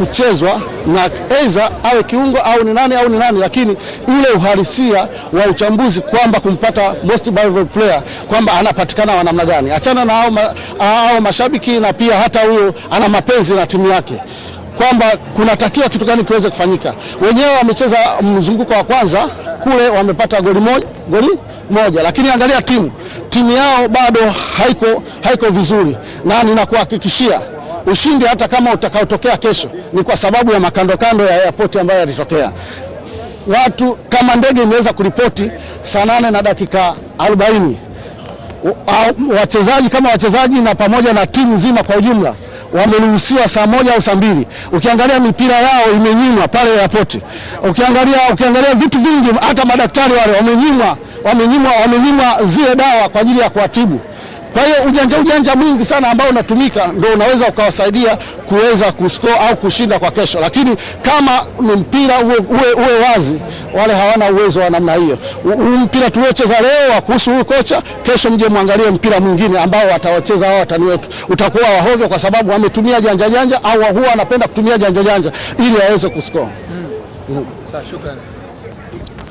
kuchezwa na aidha awe kiungo au ni nani au ni nani, lakini ile uhalisia wa uchambuzi kwamba kumpata most valuable player kwamba anapatikana wa namna gani, achana na hao ma, mashabiki na pia hata huyo ana mapenzi na timu yake kwamba kunatakiwa kitu gani kiweze kufanyika. Wenyewe wamecheza mzunguko wa kwanza kule wamepata goli moja, goli moja, lakini angalia timu timu yao bado haiko, haiko vizuri, na ninakuhakikishia ushindi hata kama utakaotokea kesho ni kwa sababu ya makandokando ya airport ambayo yalitokea watu kama ndege imeweza kuripoti saa nane na dakika arobaini wachezaji kama wachezaji na pamoja na timu nzima kwa ujumla wameruhusiwa saa moja au saa mbili. Ukiangalia mipira yao imenyimwa pale airport, ukiangalia ukiangalia vitu vingi, hata madaktari wale wamenyimwa wamenyimwa wamenyimwa zile dawa kwa ajili ya kuwatibu. Kwa hiyo ujanja ujanja mwingi sana ambao unatumika ndio unaweza ukawasaidia kuweza kuscore au kushinda kwa kesho, lakini kama ni mpira uwe, uwe, uwe wazi, wale hawana uwezo wa namna hiyo. Mpira tuliocheza leo wa kuhusu huyu kocha, kesho mje mwangalie mpira mwingine ambao watawacheza hao watani wetu, utakuwa wahovyo kwa sababu wametumia janja janja, au huwa anapenda kutumia janja janja ili waweze kuscore. Hmm. Hmm. Sasa shukrani.